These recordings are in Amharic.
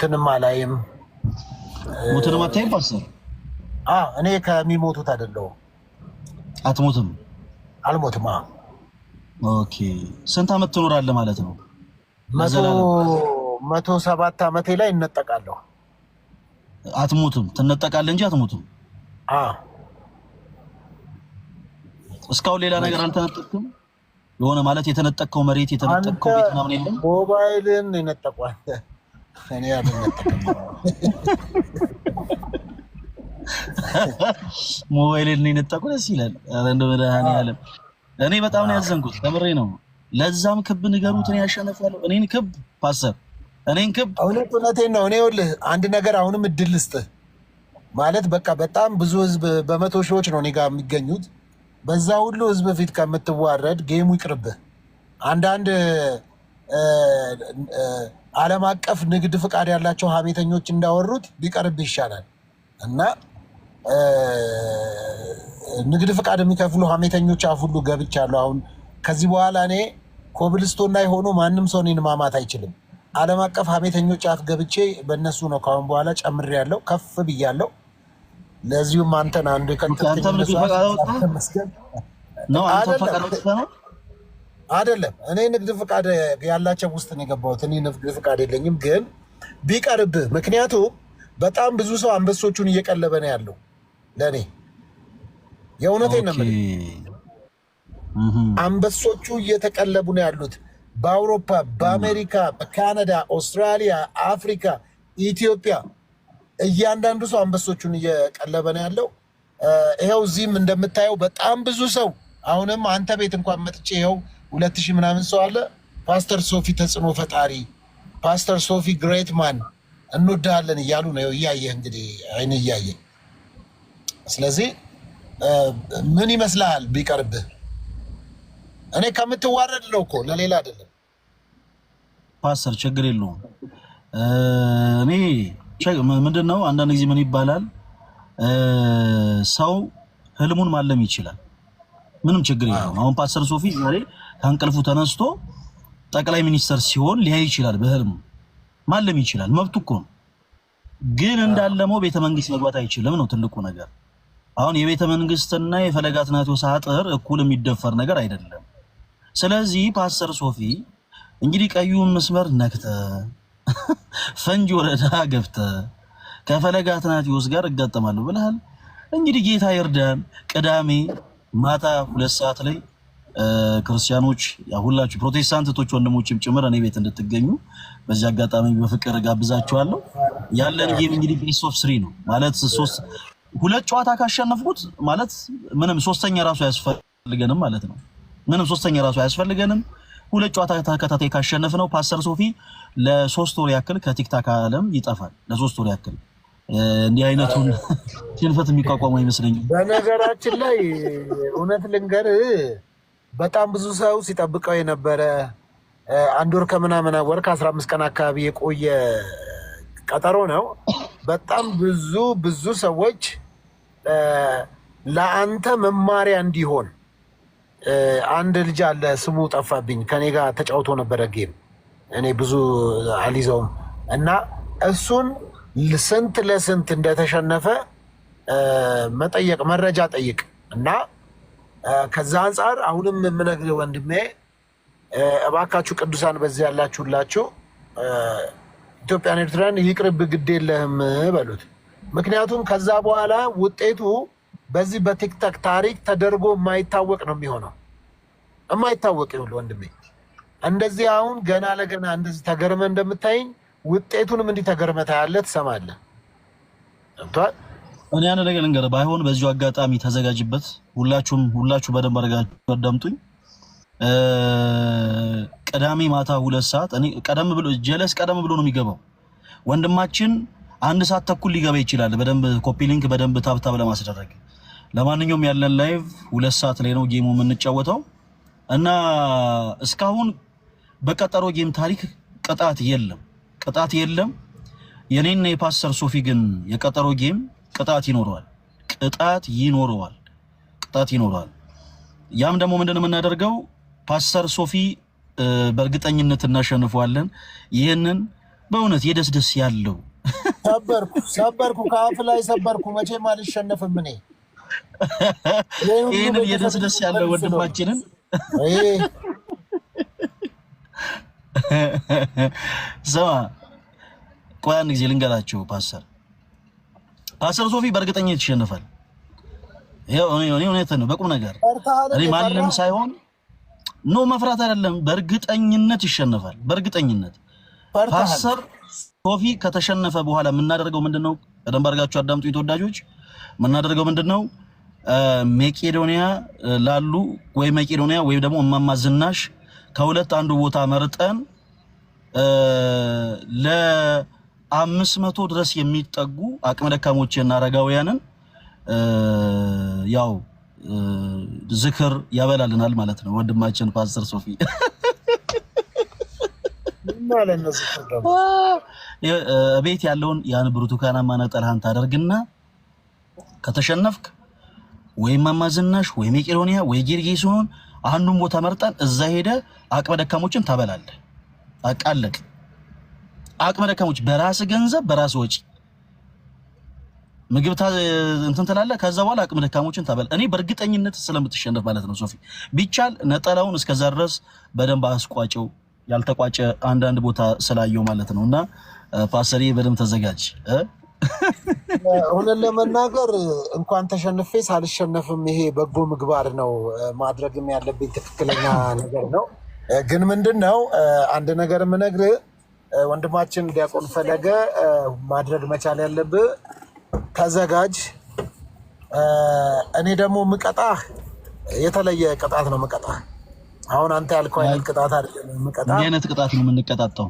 ሞትንም አላይም። ሞትንም አታይም ፓስተር? እኔ ከሚሞቱት አይደለሁም። አትሞትም? አልሞትም። ኦኬ። ስንት አመት ትኖራለህ ማለት ነው? መቶ ሰባት አመቴ ላይ እነጠቃለሁ። አትሞትም? ትነጠቃለህ እንጂ አትሞትም። እስካሁን ሌላ ነገር አልተነጠቅም። የሆነ ማለት የተነጠቀው መሬት የተነጠቀው ቤት ምናምን የለም? ሞባይልን ይነጠቋል። እኔ ያለኝ ሞባይልን የነጠቁ ደስ ይላል። እንደ መድኃኒዓለም እኔ በጣም ነው ያዘንኩት፣ ተምሬ ነው። ለዛም ክብ ንገሩት፣ እኔ ያሸነፋለሁ። እኔን ክብ ፓሰር፣ እኔን ክብ እውነት እውነቴን ነው። እኔ ይኸውልህ አንድ ነገር አሁንም እድል ልስጥህ ማለት በቃ በጣም ብዙ ህዝብ በመቶ ሺዎች ነው እኔ ጋር የሚገኙት። በዛ ሁሉ ህዝብ ፊት ከምትዋረድ ጌሙ ይቅርብህ። አንዳንድ ዓለም አቀፍ ንግድ ፍቃድ ያላቸው ሀሜተኞች እንዳወሩት ቢቀርብ ይሻላል እና ንግድ ፍቃድ የሚከፍሉ ሀሜተኞች አፍ ሁሉ ገብቻለሁ። አሁን ከዚህ በኋላ እኔ ኮብልስቶን ላይ ሆኖ ማንም ሰው እኔን ማማት አይችልም። ዓለም አቀፍ ሀሜተኞች አፍ ገብቼ በእነሱ ነው ከአሁን በኋላ ያለው ከፍ ብያለው። ለዚሁም አንተን አንዱ አይደለም። እኔ ንግድ ፍቃድ ያላቸው ውስጥ ነው የገባሁት። እኔ ንግድ ፍቃድ የለኝም፣ ግን ቢቀርብ ምክንያቱም በጣም ብዙ ሰው አንበሶቹን እየቀለበ ነው ያለው። ለእኔ የእውነቴን ነው የምልህ፣ አንበሶቹ እየተቀለቡ ነው ያሉት። በአውሮፓ፣ በአሜሪካ፣ በካናዳ፣ ኦስትራሊያ፣ አፍሪካ፣ ኢትዮጵያ እያንዳንዱ ሰው አንበሶቹን እየቀለበ ነው ያለው። ይኸው እዚህም እንደምታየው በጣም ብዙ ሰው አሁንም አንተ ቤት እንኳን መጥቼ ይኸው ሁለት ሺህ ምናምን ሰው አለ። ፓስተር ሶፊ ተጽዕኖ ፈጣሪ፣ ፓስተር ሶፊ ግሬት ማን እንወዳለን እያሉ ነው። እያየህ እንግዲህ አይን እያየ ስለዚህ ምን ይመስልሃል ቢቀርብህ? እኔ ከምትዋረድ ነው እኮ ለሌላ አይደለም። ፓስተር ችግር የለውም። እኔ ምንድን ነው አንዳንድ ጊዜ ምን ይባላል ሰው ህልሙን ማለም ይችላል። ምንም ችግር የለውም። አሁን ፓስተር ሶፊ ዛሬ ከእንቅልፉ ተነስቶ ጠቅላይ ሚኒስተር ሲሆን ሊያይ ይችላል። በህልም ማለም ይችላል፣ መብቱ እኮ ነው። ግን እንዳለመው ቤተ መንግስት መግባት አይችልም ነው ትልቁ ነገር። አሁን የቤተ መንግስትና የፈለገ አትናቴዎስ አጥር እኩል የሚደፈር ነገር አይደለም። ስለዚህ ፓስተር ሶፊ እንግዲህ ቀዩን መስመር ነክተ ፈንጂ ወረዳ ገብተ ከፈለገ አትናቴዎስ ጋር እጋጠማለሁ ብለሃል። እንግዲህ ጌታ ይርዳን። ቅዳሜ ማታ ሁለት ሰዓት ላይ ክርስቲያኖች ሁላችሁ ፕሮቴስታንት እህቶች ወንድሞችም ጭምር እኔ ቤት እንድትገኙ በዚህ አጋጣሚ በፍቅር ጋብዛችኋለሁ። ያለን ጌም እንግዲህ ቤስት ኦፍ ስሪ ነው ማለት ሶስት ሁለት ጨዋታ ካሸነፍኩት ማለት ምንም ሶስተኛ ራሱ አያስፈልገንም ማለት ነው። ምንም ሶስተኛ ራሱ አያስፈልገንም። ሁለት ጨዋታ ተከታታይ ካሸነፍ ነው ፓስተር ሶፊ ለሶስት ወር ያክል ከቲክታክ ዓለም ይጠፋል። ለሶስት ወር ያክል እንዲህ አይነቱን ሽንፈት የሚቋቋሙ አይመስለኝም። በነገራችን ላይ እውነት ልንገር በጣም ብዙ ሰው ሲጠብቀው የነበረ አንድ ወር ከምናምን ወር ከአስራ አምስት ቀን አካባቢ የቆየ ቀጠሮ ነው። በጣም ብዙ ብዙ ሰዎች ለአንተ መማሪያ እንዲሆን አንድ ልጅ አለ ስሙ ጠፋብኝ። ከኔ ጋር ተጫውቶ ነበረ ጌም እኔ ብዙ አልይዘውም እና እሱን ስንት ለስንት እንደተሸነፈ መጠየቅ መረጃ ጠይቅ እና ከዛ አንጻር አሁንም የምነግርህ ወንድሜ እባካችሁ ቅዱሳን በዚህ ያላችሁላችሁ ኢትዮጵያን ኤርትራን ይቅርብ ግድ የለህም በሉት። ምክንያቱም ከዛ በኋላ ውጤቱ በዚህ በቲክቶክ ታሪክ ተደርጎ የማይታወቅ ነው የሚሆነው። የማይታወቅ ይሁን ወንድሜ። እንደዚህ አሁን ገና ለገና እንደዚህ ተገርመ እንደምታይኝ ውጤቱንም እንዲህ ተገርመ ታያለህ፣ ትሰማለህ። እኔ አንድ ነገር ልንገርህ፣ ባይሆን በዚሁ አጋጣሚ ተዘጋጅበት። ሁላችሁም ሁላችሁ በደንብ አድርጋችሁ አዳምጡኝ። ቅዳሜ ማታ ሁለት ሰዓት እኔ ቀደም ብሎ ጀለስ ቀደም ብሎ ነው የሚገባው ወንድማችን አንድ ሰዓት ተኩል ሊገባ ይችላል። በደንብ ኮፒ ሊንክ በደንብ ታብታብ ለማስደረግ ለማንኛውም ያለን ላይቭ ሁለት ሰዓት ላይ ነው ጌሙ የምንጫወተው እና እስካሁን በቀጠሮ ጌም ታሪክ ቅጣት የለም፣ ቅጣት የለም። የኔና የፓስተር ሶፊ ግን የቀጠሮ ጌም ቅጣት ይኖረዋል። ቅጣት ይኖረዋል። ቅጣት ይኖረዋል። ያም ደግሞ ምንድን ነው የምናደርገው? ፓስተር ሶፊ በእርግጠኝነት እናሸንፈዋለን። ይህንን በእውነት የደስደስ ያለው ሰበርኩ ሰበርኩ፣ ከአፍ ላይ ሰበርኩ። መቼም አልሸነፍም እኔ ይህንን የደስደስ ያለው ወንድማችንን ስማ፣ ቆይ አንድ ጊዜ ልንገላቸው ፓስተር ፓስተር ሶፊ በእርግጠኝነት ይሸነፋል። ያው እኔ እውነት ነው በቁም ነገር እኔ ማለም ሳይሆን ኖ መፍራት አይደለም፣ በእርግጠኝነት ይሸነፋል። በእርግጠኝነት ፓስተር ሶፊ ከተሸነፈ በኋላ የምናደርገው ምንድነው? ቀደም ባርጋችሁ አዳምጡኝ ተወዳጆች፣ የምናደርገው ምንድነው? መቄዶኒያ ላሉ ወይ መቄዶኒያ ወይ ደግሞ እማማ ዝናሽ ከሁለት አንዱ ቦታ መርጠን ለ አምስት መቶ ድረስ የሚጠጉ አቅመ ደካሞችና አረጋውያንን ያው ዝክር ያበላልናል ማለት ነው። ወንድማችን ፓስተር ሶፊ ቤት ያለውን ያን ብርቱካናማ ነጠላህን ታደርግና ከተሸነፍክ ወይም አማዝናሽ ወይ መቄዶንያ ወይ ሲሆን አንዱን ቦታ መርጠን እዛ ሄደ አቅመ ደካሞችን ታበላለህ። አቃለቅ አቅመ ደካሞች በራስ ገንዘብ በራስ ወጪ ምግብ እንትን ትላለህ። ከዛ በኋላ አቅመ ደካሞችን ታበል። እኔ በእርግጠኝነት ስለምትሸነፍ ማለት ነው። ሶፊ ቢቻል ነጠላውን እስከዛ ድረስ በደንብ አስቋጨው። ያልተቋጨ አንዳንድ ቦታ ስላየው ማለት ነው። እና ፓሰሪ በደንብ ተዘጋጅ። እውነት ለመናገር እንኳን ተሸንፌ ሳልሸነፍም ይሄ በጎ ምግባር ነው፣ ማድረግም ያለብኝ ትክክለኛ ነገር ነው። ግን ምንድን ነው አንድ ነገር የምነግርህ ወንድማችን ዲያቆን ፈለገ ማድረግ መቻል ያለብህ ተዘጋጅ። እኔ ደግሞ ምቀጣህ የተለየ ቅጣት ነው ምቀጣህ። አሁን አንተ ያልከው አይነት ቅጣት አይደለም ምቀጣህ። እንዲህ አይነት ቅጣት ነው የምንቀጣጠው።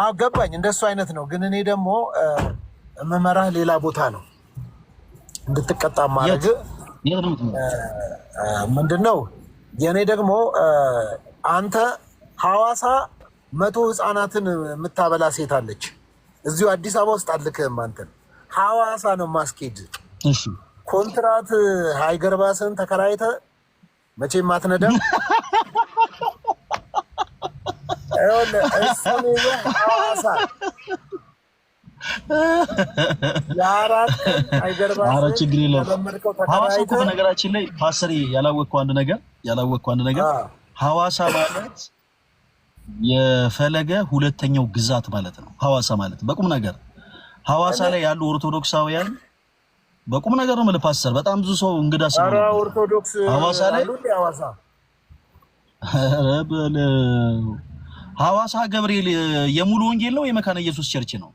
አዎ ገባኝ፣ እንደሱ አይነት ነው። ግን እኔ ደግሞ መመራህ ሌላ ቦታ ነው እንድትቀጣ ማድረግ ምንድን ነው። የእኔ ደግሞ አንተ ሐዋሳ መቶ ህፃናትን የምታበላ ሴት አለች እዚሁ አዲስ አበባ ውስጥ አልክህም። አንተን ሐዋሳ ነው ማስኬድ ኮንትራት ሃይገርባስን ተከራይተ መቼ ማትነደም እሱን ሐዋሳ ችግር የለውም። በነገራችን ላይ ፓስተር ያላወቅኩ አንድ ነገር ያላወቅኩ አንድ ነገር ሐዋሳ ማለት የፈለገ ሁለተኛው ግዛት ማለት ነው ሐዋሳ ማለት በቁም ነገር ሐዋሳ ላይ ያሉ ኦርቶዶክሳውያን በቁም ነገር ነው የምልህ ፓስተር። በጣም ብዙ ሰው እንግዳ ሰው አራ ኦርቶዶክስ ሐዋሳ ላይ ሐዋሳ ሐዋሳ ገብርኤል የሙሉ ወንጌል ነው የመካነ ኢየሱስ ቸርች ነው።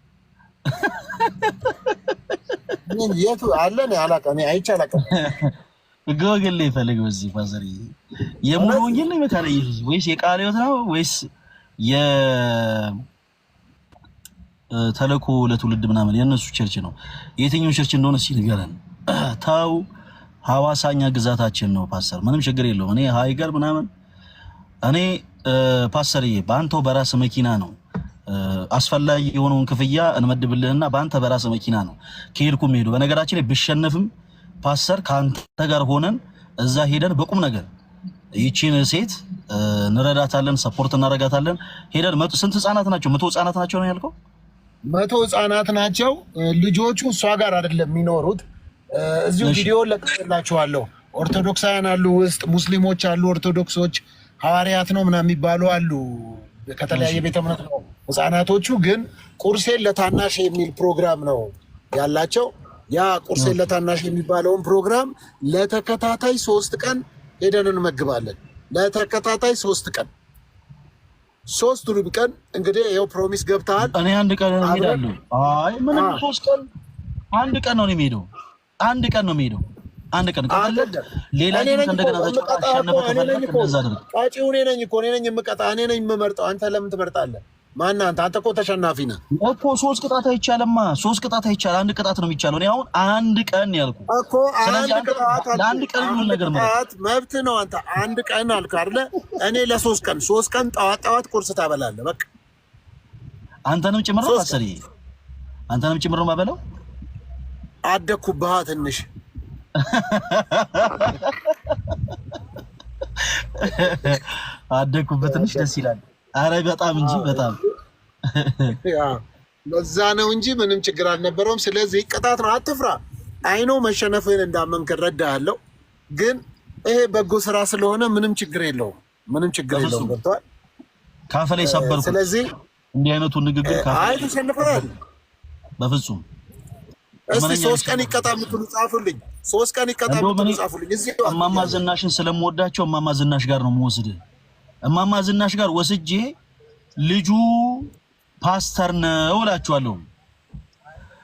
ምን የቱ አለ ነው አላውቅም፣ አይቼ አላውቅም። ጎግል ላይ ፈልግ። በዚህ ፓስተር የሙሉ ወንጌል ነው የመካነ ኢየሱስ ወይስ የቃለ ሕይወት ነው ወይስ የተልእኮ ለትውልድ ምናምን የእነሱ ቸርች ነው። የትኛው ቸርች እንደሆነ ሲል ተው ሐዋሳኛ ግዛታችን ነው ፓስተር፣ ምንም ችግር የለውም። እኔ ሀይገር ምናምን እኔ ፓስተርዬ በአንተው በራስ መኪና ነው አስፈላጊ የሆነውን ክፍያ እንመድብልህና በአንተ በራስ መኪና ነው ከሄድኩ ሄዱ። በነገራችን ላይ ብሸነፍም ፓስተር ከአንተ ጋር ሆነን እዛ ሄደን በቁም ነገር ይቺን ሴት እንረዳታለን፣ ሰፖርት እናረጋታለን። ሄደን መቶ ስንት ህጻናት ናቸው? መቶ ህጻናት ናቸው ነው ያልከው? መቶ ህጻናት ናቸው። ልጆቹ እሷ ጋር አይደለም የሚኖሩት። እዚሁ ቪዲዮ ለቅላችኋለሁ። ኦርቶዶክሳውያን አሉ ውስጥ፣ ሙስሊሞች አሉ፣ ኦርቶዶክሶች፣ ሐዋርያት ነው ምናምን የሚባሉ አሉ። ከተለያየ ቤተ እምነት ነው ህጻናቶቹ። ግን ቁርሴን ለታናሽ የሚል ፕሮግራም ነው ያላቸው። ያ ቁርሴን ለታናሽ የሚባለውን ፕሮግራም ለተከታታይ ሶስት ቀን ሄደን እንመግባለን ለተከታታይ ሶስት ቀን ሶስት ሩብ ቀን እንግዲህ ይኸው ፕሮሚስ ገብተሃል። እኔ አንድ ቀን ነው እሄዳለሁ። አይ ምንም ሶስት ቀን አንድ ቀን ነው የሚሄደው። አንድ ቀን ነው የሚሄደው። አንድ ቀን ሌላ እንደገና ተጫውተህ እኔ ነኝ እኮ እኔ ነኝ የምቀጣ እኔ ነኝ የምመርጠው። አንተ ለምን ትመርጣለህ? ማናንተ አንተ? አንተ እኮ ተሸናፊ ነህ እኮ። ሶስት ቅጣት አይቻልማ። ሶስት ቅጣት አይቻል። አንድ ቅጣት ነው የሚቻለው። እኔ አሁን አንድ ቀን ያልኩ እኮ አንድ ቀን የሚሆን ነገር ማለት መብት ነው። አንተ አንድ ቀን አልክ አይደለ? እኔ ለሶስት ቀን ሶስት ቀን ጠዋት ጠዋት ቁርስ ታበላለህ። በቃ አንተንም ጭምር ነው ማሰሪ፣ አንተንም ጭምር ነው ማበለው። አደግኩብህ ትንሽ አደግኩብህ ትንሽ። ደስ ይላል አረ በጣም እንጂ በጣም በዛ ነው እንጂ ምንም ችግር አልነበረውም። ስለዚህ ቅጣት ነው፣ አትፍራ። አይኖ መሸነፍን እንዳመንክ እረዳለሁ፣ ግን ይሄ በጎ ስራ ስለሆነ ምንም ችግር የለውም። ምንም ችግር የለውም። ገብተዋል። ካፈ ላይ ሰበርኩ። ስለዚህ እንዲህ አይነቱ ንግግር አይ ተሸንፈል፣ በፍጹም እስቲ ሶስት ቀን ይቀጣ የምትሉ ጻፉልኝ። ሶስት ቀን ይቀጣ የምትሉ ጻፉልኝ። እዚህ እማማ ዝናሽን ስለምወዳቸው እማማ ዝናሽ ጋር ነው የምወስድህ እማማ ዝናሽ ጋር ወስጄ ልጁ ፓስተር ነው እላችኋለሁ።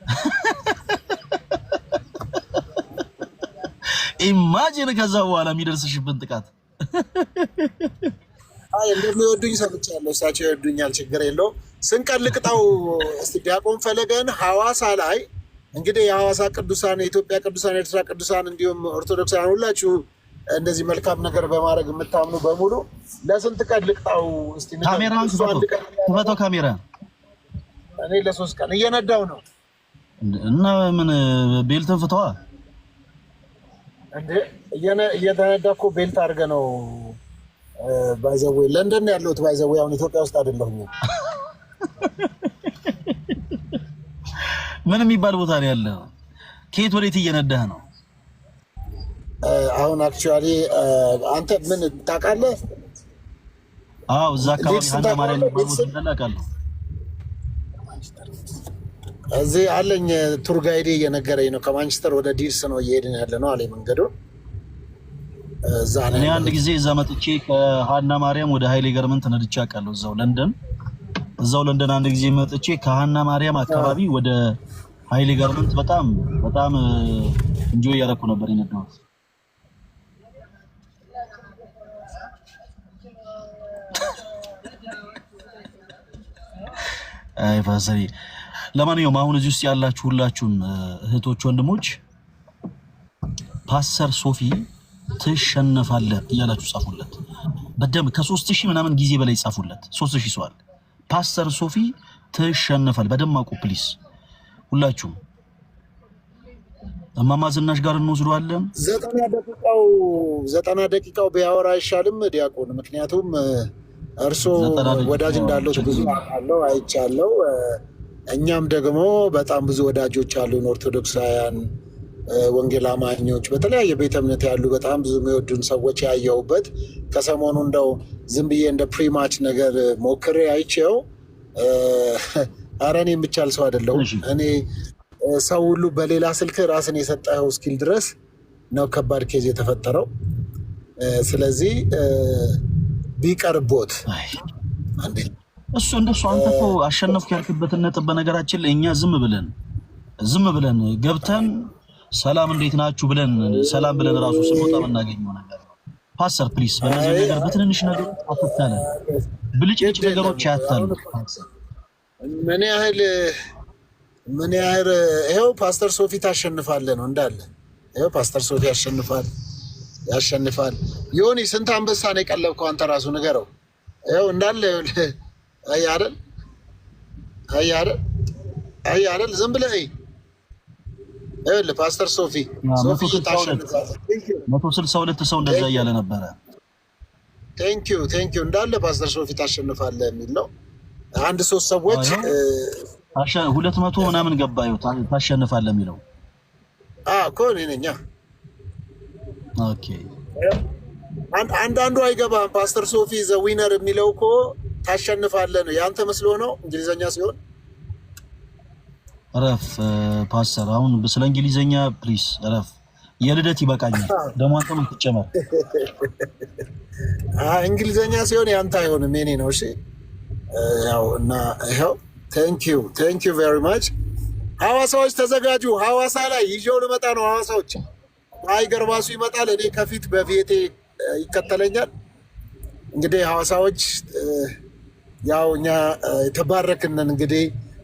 ኢማጂን ከዛ በኋላ የሚደርስሽብን ጥቃት። አይ እንደሚወዱኝ ሰምቻለሁ። እሳቸው ይወዱኛል፣ ችግር የለው ስንቀልቅጠው እስቲ ዲያቆን ፈለገን ሐዋሳ ላይ እንግዲህ የሐዋሳ ቅዱሳን፣ የኢትዮጵያ ቅዱሳን፣ የኤርትራ ቅዱሳን እንዲሁም ኦርቶዶክሳን ሁላችሁ እንደዚህ መልካም ነገር በማድረግ የምታምኑ በሙሉ ለስንት ቀን ልቅጣው? እስኪ ካሜራ እኔ ለሶስት ቀን እየነዳው ነው እና ምን ቤልትን ፍተዋ እንዴ? እየተነዳ እኮ ቤልት አድርገ ነው ባይዘዌ። ለንደን ነው ያለሁት ባይዘዌ። አሁን ኢትዮጵያ ውስጥ አይደለሁም። ምን የሚባል ቦታ ነው ያለኸው? ከየት ወዴት እየነዳህ ነው? አሁን አክቹዋሊ አንተ ምን ታውቃለህ? አዎ እዛ አካባቢ ሀና ማርያም ታውቃለህ? እዚህ አለኝ ቱር ጋይዴ እየነገረኝ ነው። ከማንቸስተር ወደ ዲርስ ነው እየሄድን ያለ ነው አለኝ መንገዱ። እኔ አንድ ጊዜ እዛ መጥቼ ከሀና ማርያም ወደ ሀይሌ ገርመን ተነድቼ አውቃለሁ። እዛው ለንደን እዛው ለንደን አንድ ጊዜ መጥቼ ከሀና ማርያም አካባቢ ወደ ሀይሌ ገርመንት በጣም በጣም እንጆ እያደረኩ ነበር የነዳሁት። አይቫዘሪ ለማንኛውም አሁን እዚህ ውስጥ ያላችሁ ሁላችሁም እህቶች ወንድሞች ፓስተር ሶፊ ትሸነፋለህ እያላችሁ ጻፉለት። በደም ከሶስት ሺህ ምናምን ጊዜ በላይ ጻፉለት። ሶስት ሺህ ሰዋል። ፓስተር ሶፊ ትሸነፋል። በደማቁ ፕሊስ ሁላችሁም። እማማ ዝናሽ ጋር እንወስደዋለን። ዘጠና ደቂቃው ዘጠና ደቂቃው ቢያወራ አይሻልም ዲያቆን? ምክንያቱም እርስዎ ወዳጅ እንዳለው ብዙ አለው አይቻለው። እኛም ደግሞ በጣም ብዙ ወዳጆች አሉን ኦርቶዶክሳውያን ወንጌል አማኞች በተለያየ ቤተ እምነት ያሉ በጣም ብዙ የሚወዱን ሰዎች ያየሁበት ከሰሞኑ እንደው ዝም ብዬ እንደ ፕሪማች ነገር ሞክሬ አይቼው፣ ኧረ እኔ የምቻል ሰው አይደለሁም። እኔ ሰው ሁሉ በሌላ ስልክ ራስን የሰጠኸው እስኪል ድረስ ነው ከባድ ኬዝ የተፈጠረው። ስለዚህ ቢቀርቦት እሱ እንደሱ አንተ እኮ አሸነፍክ ያልክበትን ነጥብ በነገራችን ላይ እኛ ዝም ብለን ዝም ብለን ገብተን ሰላም እንዴት ናችሁ ብለን ሰላም ብለን እራሱ ስንወጣ የምናገኘው ነገር ፓሰር ፕሊስ፣ በእነዚህ ነገር በትንንሽ ነገሮች አትታለን፣ ብልጭልጭ ነገሮች ያታሉ። ምን ያህል ምን ያህል ይኸው ፓስተር ሶፊ ታሸንፋለ ነው እንዳለ። ይኸው ፓስተር ሶፊ ያሸንፋል። ያሸንፋል። ዮኒ ስንት አንበሳ ነው የቀለብከው አንተ ራሱ ንገረው። ይኸው እንዳለ አያደል አያደል አያደል ዝም ብለህ ይኸውልህ ፓስተር ሶፊ ሶፊ መቶ ስልሳ ሁለት ሰው እንደዛ እያለ ነበረ። ቴንኪዩ ቴንኪዩ እንዳለ ፓስተር ሶፊ ታሸንፋለህ የሚል ነው። አንድ ሶስት ሰዎች ሁለት መቶ ምናምን ገባዩ ታሸንፋለህ የሚለው እኮ እኔ ነኝ። አንዳንዱ አይገባም። ፓስተር ሶፊ ዘ ዊነር የሚለው እኮ ታሸንፋለህ ነው የአንተ መስሎ ነው እንግሊዘኛ ሲሆን ረፍ ፓስተር፣ አሁን ስለ እንግሊዘኛ ፕሊስ ረፍ። የልደት ይበቃኛል። ደግሞ አንተ ምን ትጨመር? እንግሊዘኛ ሲሆን ያንተ አይሆንም የኔ ነው። እሺ ያው እና ይኸው ቴንኪዩ ቴንኪዩ ቬሪ ማች። ሐዋሳዎች ተዘጋጁ። ሐዋሳ ላይ ይዤው ልመጣ ነው ሐዋሳዎች ታይገር ባሱ ይመጣል። እኔ ከፊት በቪቴ ይከተለኛል። እንግዲህ ሐዋሳዎች ያው እኛ የተባረክንን እንግዲህ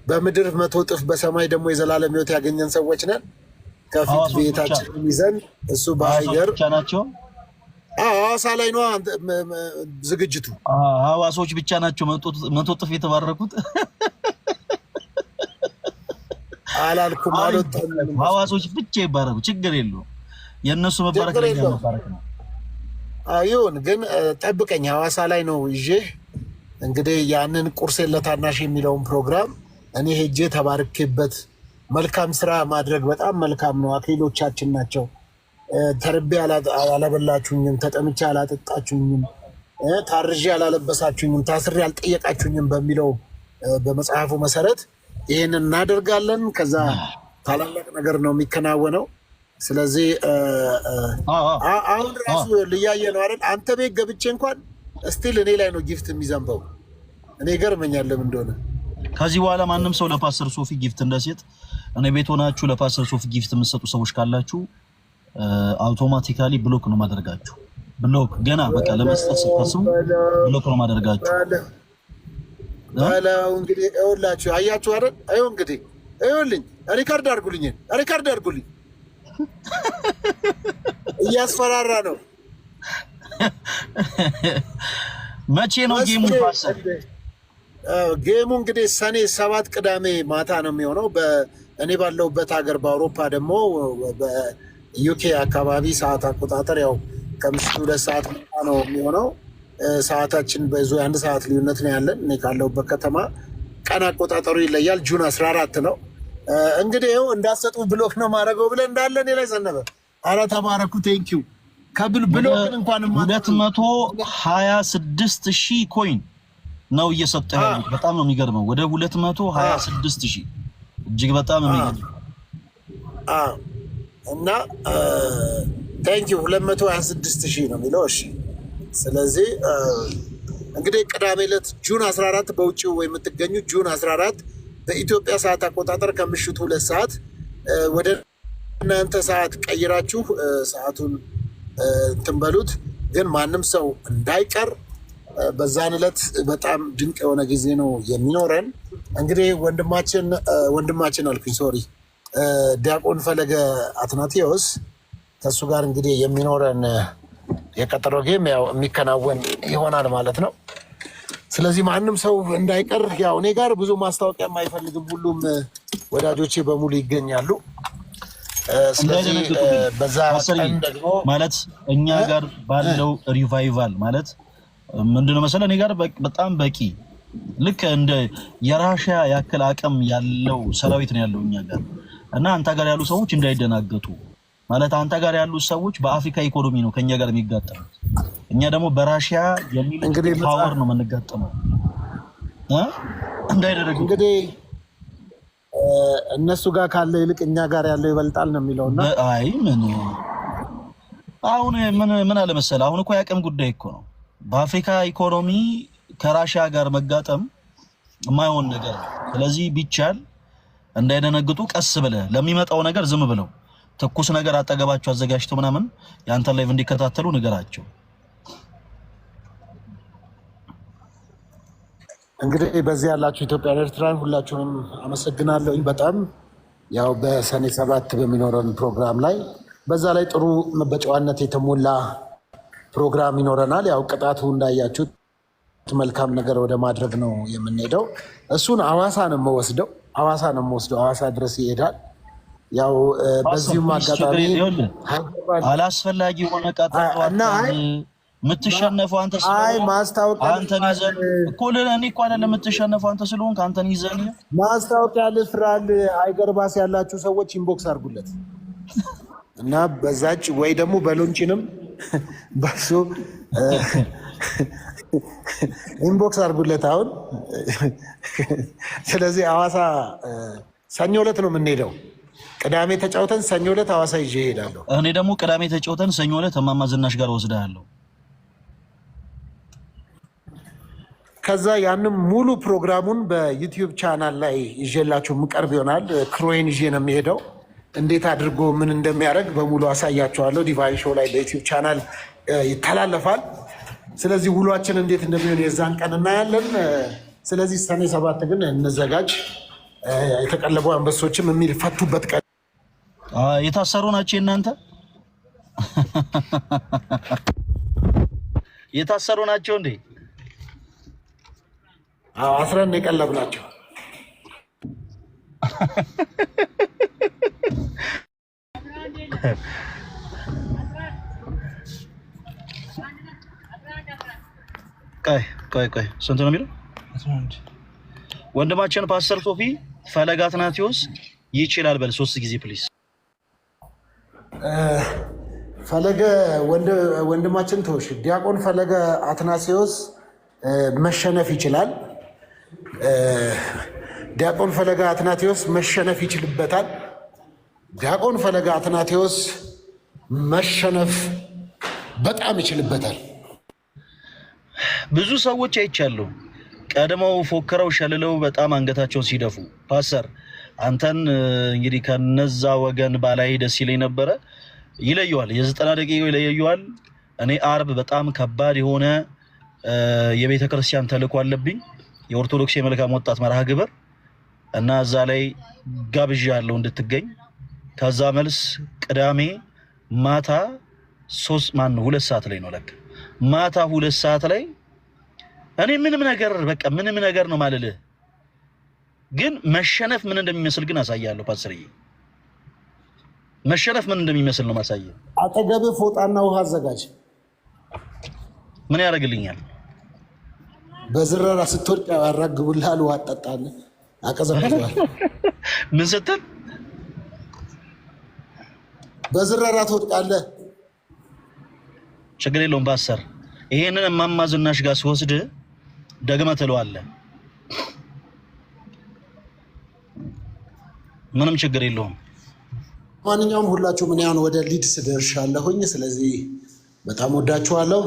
በምድር መቶ እጥፍ በሰማይ ደግሞ የዘላለም ሕይወት ያገኘን ሰዎች ነን። ከፊት ቤታችን ይዘን እሱ በሀይገር ናቸው። ሐዋሳ ላይ ነ ዝግጅቱ። ሐዋሳዎች ብቻ ናቸው መቶ እጥፍ የተባረኩት አላልኩም። ሐዋሳዎች ብቻ ይባረኩ ችግር የለውም። የእነሱ መባረክ መባረክ ነው። ይሁን ግን ጠብቀኝ፣ ሐዋሳ ላይ ነው ይዤህ እንግዲህ ያንን ቁርሴን ለታናሽ የሚለውን ፕሮግራም እኔ ሄጄ ተባርኬበት መልካም ስራ ማድረግ በጣም መልካም ነው። አክሊሎቻችን ናቸው። ተርቤ አላበላችሁኝም፣ ተጠምቼ አላጠጣችሁኝም፣ ታርዤ አላለበሳችሁኝም፣ ታስሬ አልጠየቃችሁኝም በሚለው በመጽሐፉ መሰረት ይህንን እናደርጋለን። ከዛ ታላላቅ ነገር ነው የሚከናወነው። ስለዚህ አሁን ራሱ ልያየ ነው አይደል? አንተ ቤት ገብቼ እንኳን እስቲል እኔ ላይ ነው ጊፍት የሚዘንበው። እኔ ገርመኛል ለምን እንደሆነ። ከዚህ በኋላ ማንም ሰው ለፓስተር ሶፊ ጊፍት እንደሴት እኔ ቤት ሆናችሁ ለፓስተር ሶፊ ጊፍት የምትሰጡ ሰዎች ካላችሁ አውቶማቲካሊ ብሎክ ነው ማደርጋችሁ። ብሎክ ገና በቃ ለመስጠት ስታስቡ ብሎክ ነው ማደርጋችሁ። እንግዲህ ሁላችሁ አያችሁ አይደል? ይኸው እንግዲህ ይኸውልኝ፣ ሪካርድ አድርጉልኝ፣ ሪካርድ አድርጉልኝ እያስፈራራ ነው። መቼ ነው ጌሙ? ጌሙ እንግዲህ ሰኔ ሰባት ቅዳሜ ማታ ነው የሚሆነው። እኔ ባለሁበት ሀገር በአውሮፓ ደግሞ በዩኬ አካባቢ ሰዓት አቆጣጠር ያው ከምሽቱ ሁለት ሰዓት ማታ ነው የሚሆነው። ሰዓታችን በዙ አንድ ሰዓት ልዩነት ነው ያለን። እኔ ካለሁበት ከተማ ቀን አቆጣጠሩ ይለያል። ጁን አስራ አራት ነው እንግዲህ ይኸው እንዳሰጡ ብሎክ ነው ማድረገው ብለህ እንዳለ እኔ ላይ ዘነበ። አረ ተባረኩ፣ ቴንኪው ከብል ብሎክን እንኳን ሁለት መቶ ሀያ ስድስት ሺህ ኮይን ነው እየሰጠ ያሉት። በጣም ነው የሚገርመው። ወደ ሁለት መቶ ሀያ ስድስት ሺህ እጅግ በጣም ነው የሚገርመው እና ቴንኪው ሁለት መቶ ሀያ ስድስት ሺህ ነው የሚለው። እሺ ስለዚህ እንግዲህ ቅዳሜ ዕለት ጁን አስራ አራት በውጭ የምትገኙ ጁን አስራ አራት በኢትዮጵያ ሰዓት አቆጣጠር ከምሽቱ ሁለት ሰዓት ወደ እናንተ ሰዓት ቀይራችሁ ሰዓቱን ትንበሉት ግን ማንም ሰው እንዳይቀር በዛን ዕለት በጣም ድንቅ የሆነ ጊዜ ነው የሚኖረን። እንግዲህ ወንድማችን ወንድማችን አልኩኝ ሶሪ ዲያቆን ፈለገ አትናቴዎስ ከእሱ ጋር እንግዲህ የሚኖረን የቀጠሮ ጌም ያው የሚከናወን ይሆናል ማለት ነው። ስለዚህ ማንም ሰው እንዳይቀር ያው እኔ ጋር ብዙ ማስታወቂያ አይፈልግም። ሁሉም ወዳጆቼ በሙሉ ይገኛሉ። ስለዚህ በዛ ደግሞ ማለት እኛ ጋር ባለው ሪቫይቫል ማለት ምንድነው መሰለ እኔ ጋር በጣም በቂ ልክ እንደ የራሻ ያክል አቅም ያለው ሰራዊት ነው ያለው እኛ ጋር እና አንተ ጋር ያሉ ሰዎች እንዳይደናገጡ ማለት አንተ ጋር ያሉ ሰዎች በአፍሪካ ኢኮኖሚ ነው ከኛ ጋር የሚጋጠሙት እኛ ደግሞ በራሽያ የሚል ፓወር ነው የምንጋጠመው። እንዳይደረግ እንግዲህ እነሱ ጋር ካለው ይልቅ እኛ ጋር ያለው ይበልጣል ነው የሚለው አይ ምን አሁን ምን አለ አሁን እኮ የአቅም ጉዳይ እኮ ነው። በአፍሪካ ኢኮኖሚ ከራሽያ ጋር መጋጠም የማይሆን ነገር ነው። ስለዚህ ቢቻል እንዳይደነግጡ ቀስ ብለ ለሚመጣው ነገር ዝም ብለው ትኩስ ነገር አጠገባቸው አዘጋጅተው ምናምን የአንተን ላይቭ እንዲከታተሉ ንገራቸው። እንግዲህ በዚህ ያላችሁ ኢትዮጵያን፣ ኤርትራን ሁላችሁንም አመሰግናለሁኝ። በጣም ያው በሰኔ ሰባት በሚኖረን ፕሮግራም ላይ በዛ ላይ ጥሩ በጨዋነት የተሞላ ፕሮግራም ይኖረናል። ያው ቅጣቱ እንዳያችሁት መልካም ነገር ወደ ማድረግ ነው የምንሄደው። እሱን አዋሳ ነው የምወስደው፣ አዋሳ ነው የምወስደው። አዋሳ ድረስ ይሄዳል። ያው በዚሁም አጋጣሚ አላስፈላጊ ሆነ የምትሸነፈው አንተ አይ ማስታወቂያ አንተን ይዘን እኮ እኔ እኮ አይደለም የምትሸነፈው አንተ ስለሆንክ አንተን ይዘን ማስታወቂያ ልፍራል። አይገርባስ ያላችሁ ሰዎች ኢንቦክስ አድርጉለት እና በዛች ወይ ደግሞ በሎንችንም በሱ ኢንቦክስ አድርጉለት። አሁን ስለዚህ ሐዋሳ ሰኞ ዕለት ነው የምንሄደው። ቅዳሜ ተጫውተን ሰኞ ዕለት ሐዋሳ ይዤ እሄዳለሁ። እኔ ደግሞ ቅዳሜ ተጫውተን ሰኞ ዕለት እማማ ዝናሽ ጋር ወስዳለሁ። ከዛ ያንም ሙሉ ፕሮግራሙን በዩትዩብ ቻናል ላይ ይዤላችሁ ምቀርብ ይሆናል። ክሮዬን ይዤ ነው የሚሄደው። እንዴት አድርጎ ምን እንደሚያደርግ በሙሉ አሳያችኋለሁ። ዲቫይን ሾው ላይ በዩትዩብ ቻናል ይተላለፋል። ስለዚህ ውሏችን እንዴት እንደሚሆን የዛን ቀን እናያለን። ስለዚህ ሰኔ ሰባት ግን እንዘጋጅ። የተቀለቡ አንበሶችም የሚል ፈቱበት ቀን የታሰሩ ናቸው። እናንተ የታሰሩ ናቸው እንዴ? አስረን የቀለብናቸው ቆይ ቆይ ስንት ነው የሚለው ወንድማችን ፓስተር ሶፊ ፈለገ አትናቴዎስ ይችላል በል ሶስት ጊዜ ፕሊስ። ፈለገ ወንድማችን ተውሽ ዲያቆን ፈለገ አትናቴዎስ መሸነፍ ይችላል። ዲያቆን ፈለገ አትናቴዎስ መሸነፍ ይችልበታል። ዲያቆን ፈለገ አትናቴዎስ መሸነፍ በጣም ይችልበታል። ብዙ ሰዎች አይቻሉ ቀድመው ፎክረው ሸልለው በጣም አንገታቸውን ሲደፉ፣ ፓስተር አንተን እንግዲህ ከነዛ ወገን ባላይ ደስ ይለኝ ነበረ። ይለየዋል፣ የዘጠና ደቂቃ ይለየዋል። እኔ አርብ በጣም ከባድ የሆነ የቤተ ክርስቲያን ተልእኮ አለብኝ። የኦርቶዶክስ የመልካም ወጣት መርሃ ግብር እና እዛ ላይ ጋብዣ ያለው እንድትገኝ ከዛ መልስ ቅዳሜ ማታ ሶስት ማን ነው ሁለት ሰዓት ላይ ነው ለክ ማታ ሁለት ሰዓት ላይ እኔ ምንም ነገር በቃ ምንም ነገር ነው ማለልህ፣ ግን መሸነፍ ምን እንደሚመስል ግን አሳያለሁ። ፓስርዬ መሸነፍ ምን እንደሚመስል ነው ማሳየ። አጠገብህ ፎጣና ውሃ አዘጋጅ። ምን ያደርግልኛል? በዝረራ ስትወድቅ ያራግቡልሃል፣ ውሃ ትጠጣለህ፣ አቀዘቅዘዋል። ምን ስትል በዝረራ ትወድቃለህ። ችግር የለውም ባሰር። ይሄንን እማማ ዝናሽ ጋር ሲወስድ ደግመ ትለዋለህ። ምንም ችግር የለውም። ማንኛውም ሁላችሁ ምን ያን ወደ ሊድስ አለሁኝ ስለዚህ በጣም ወዳችኋለሁ።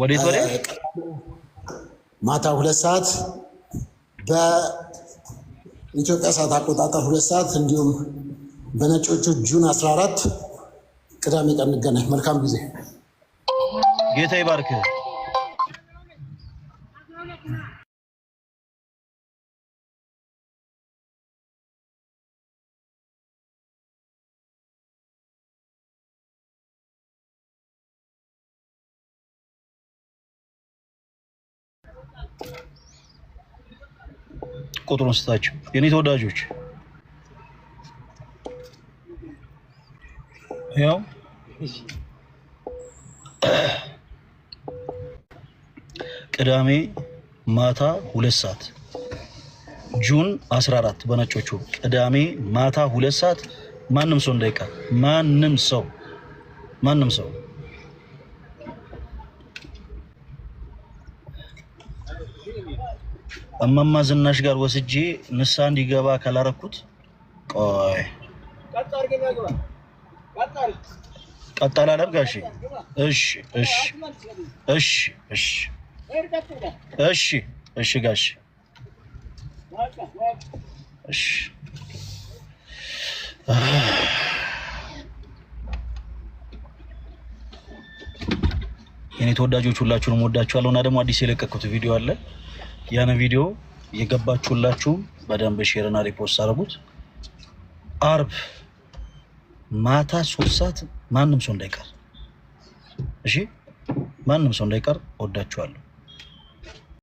ወዴት ወዴት ማታ ሁለት ሰዓት በኢትዮጵያ ሰዓት አቆጣጠር ሁለት ሰዓት እንዲሁም በነጮቹ ጁን 14 ቅዳሜ ቀን እንገናኝ። መልካም ጊዜ። ጌታ ይባርክ። ቁጥሩን ስታችሁ የኔ ተወዳጆች ያው ቅዳሜ ማታ ሁለት ሰዓት ጁን 14 በነጮቹ ቅዳሜ ማታ ሁለት ሰዓት ማንም ሰው እንዳይቀር ማንም ሰው ማንም ሰው እማማ ዝናሽ ጋር ወስጄ ንሳ እንዲገባ ካላረኩት፣ ቆይ ቀጥ አላለም ጋሼ። እሺ እሺ እሺ እሺ እሺ እሺ ጋሼ እሺ የኔ ተወዳጆች ሁላችሁንም ወዳችኋለሁ እና ደግሞ አዲስ የለቀኩት ቪዲዮ አለ ያን ቪዲዮ የገባችሁላችሁም በደንብ ሼርና ሪፖርት አድርጉት። አርብ ማታ ሶስት ሰዓት ማንም ሰው እንዳይቀር፣ እሺ፣ ማንም ሰው እንዳይቀር። ወዳችኋለሁ።